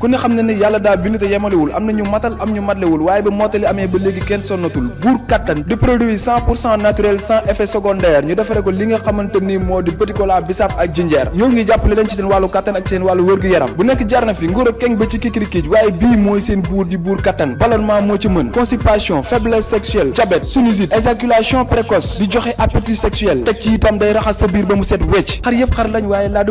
ku ne xam na ne yàlla daal bind te yemalewul am na ñu matal am ñu matlewul waaye ba mottali amee ba léegi kenn sonnatul buur kattan di produit naturel sans effet secondaire ñu defare ko li nga xamante ni moo di petit cola bisaab ak jinjeer ñoo ngi jàppale leen ci seen wàllu kattan ak seen wàllu wërgu yaram bu nekk jarna fi nguur ak keng ba ci kikirikiij waaye bii mooy seen buur di buur kattan ballonnement moo ci mën constipation faiblesse sexuelle diabète sinusite éjaculation précoce di joxe appétit sexuel ci itam day raxas sa biir ba mu set wecc xar yëpp xar lañ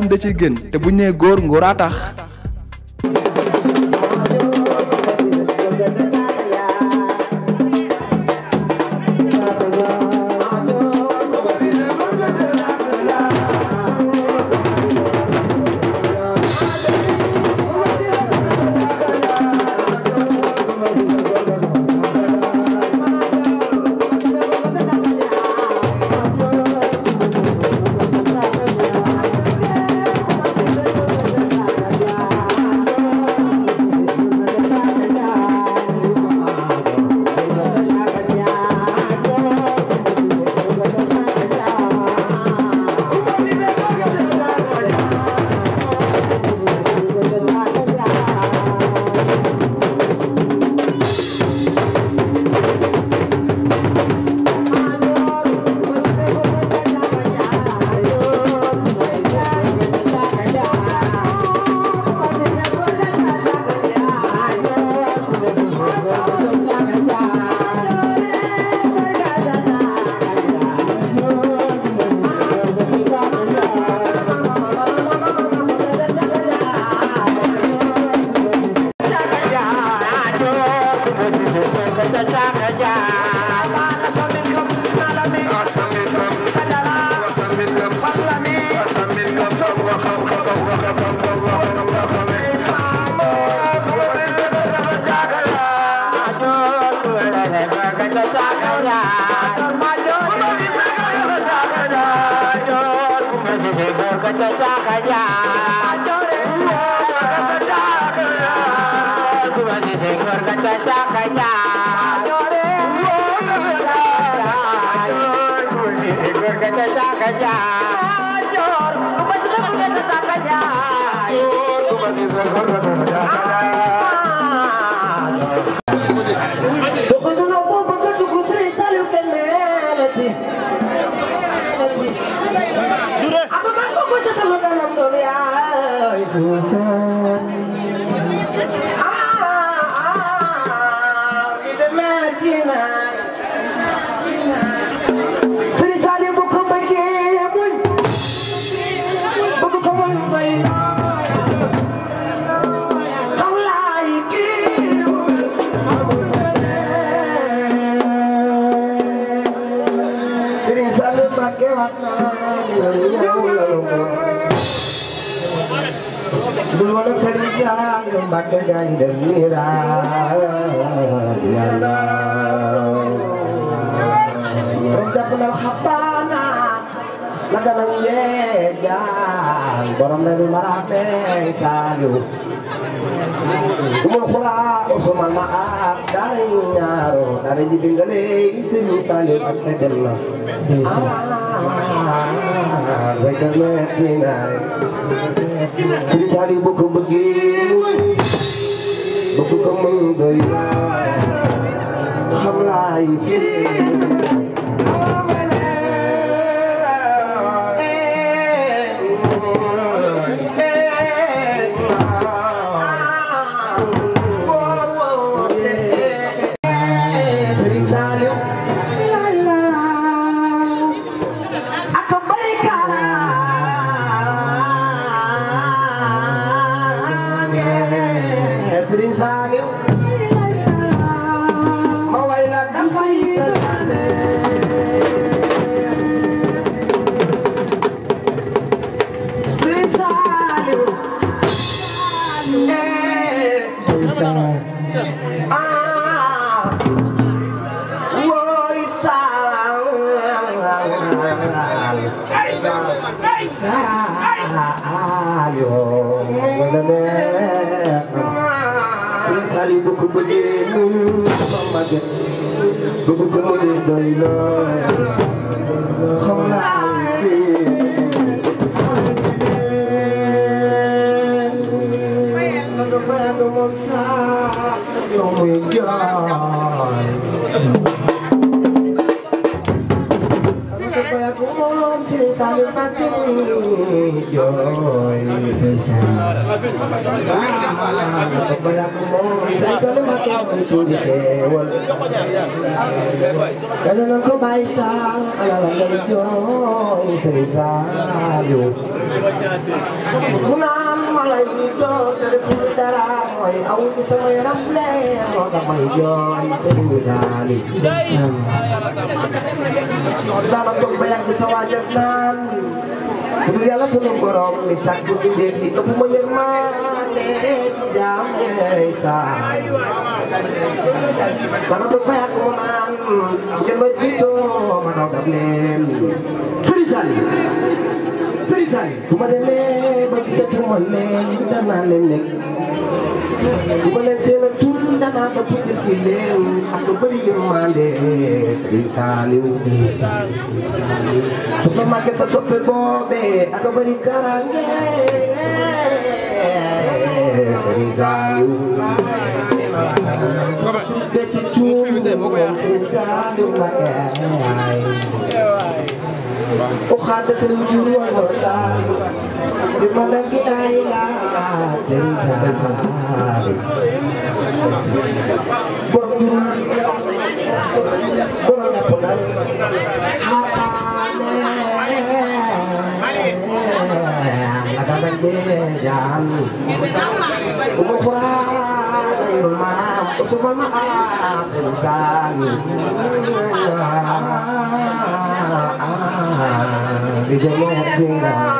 Gorgata, Gorgata, Gorgata, sama kanam doom yaay wala Serigne Saliou Mbacké Gaïndé Miraas yàlla borom jàppalal xabaana la ka nañ yee jaan borom na bi maraamee Saliou umul xuraa Usmaan ma aab daara ñaaro daara ji bingale Serigne Saliou ak dem na naar waykat bu ko bëggee bu ko mën doy xam laay fi Serigne Saliou ma way la dafay tëddee Serigne Saliou eh Serigne eh. Saliou ah woy Saliou Saliou sali bu ko bëggee ñun sama gën bu ko mënee doy loo xam naa Oh my God. salmatu jooy feesal balak moom say salmatu tuuti xeewal dana la ko bay saal ala la ngay jooy say saalu mu naan ma lay doon dara mooy aw ci sama yaram lee moo tax may jooy Sëriñ Saali daana toog ba yàgg sa waajal naan du yàlla sunu borom mi sàkk bi dee fi ëpp ma yërmande ci jaam ñooy saay daana toog ba yàgg mu naan ngeen ma jiitoo ma daw dab leen Sëriñ Saali bu ma demee ba gisatu ma leen danaa leen leen bu ma leen seen a tur danaa ko tudd si leen ak lu bëri yërmande Sëriñ Saaliw su ma màggee sa soppe boobee ak lu bëri karange Sëriñ Saaliw su وخاتك الوجود والوصال بملكنا إلى تنزال برمنا برمنا برمنا حقانا لقد جاء يوسف المحاق لساني بجمال الديران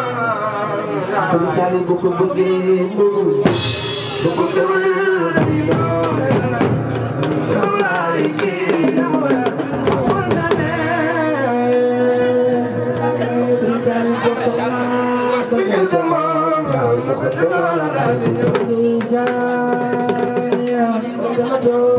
سلسال بكم بجيب بكم بجيب Thank you. Adore.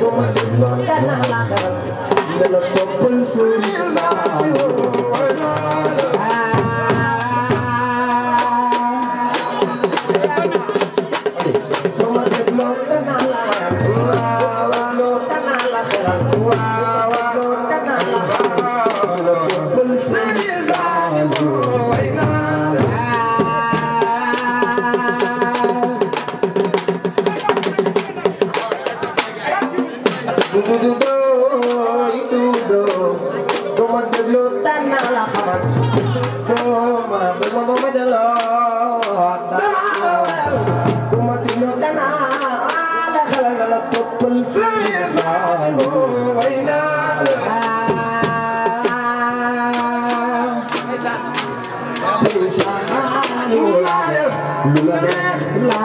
Yàlla la lu la neex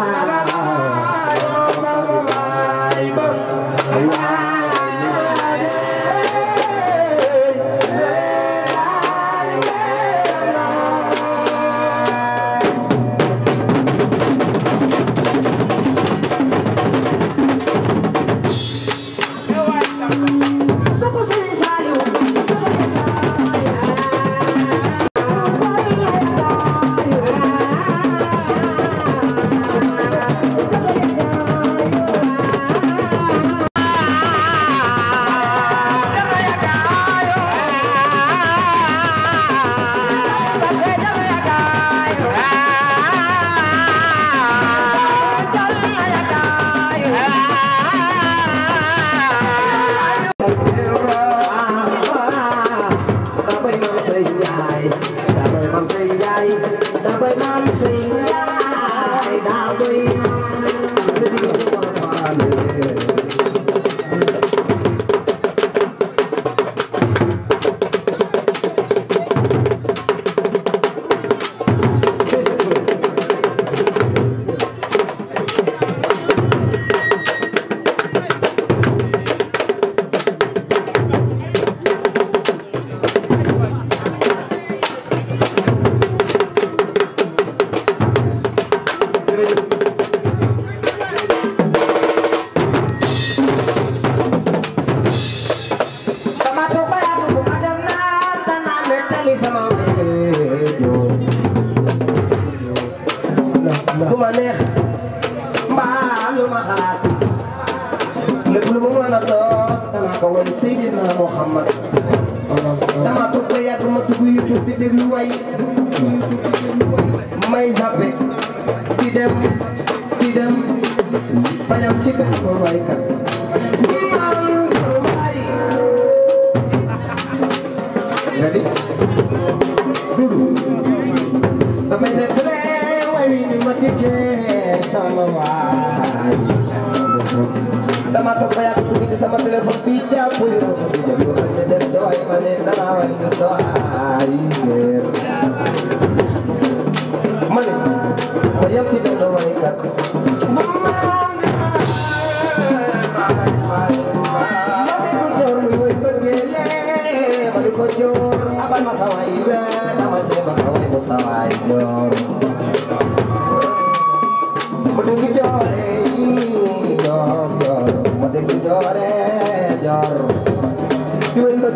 ci benn boobu ay kat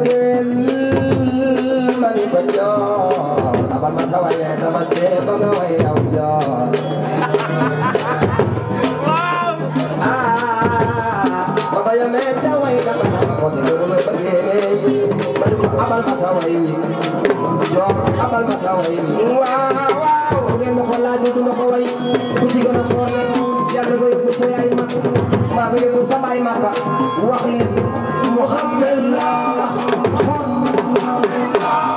del man ko jox abal ma sa waye dama cee ba ah, nga way aw jox baba ya me ca way ka ma ma ko delu ma bëggee man ko abal ma sa way jox abal ma sa way waaw waaw ngeen ma ko laaj du ma ko way ku ci gën a foor yàlla ba yóbbu sa yaay màkk maa ba yóbbu sa baay màkk wax leen Muhammad la Muhammad la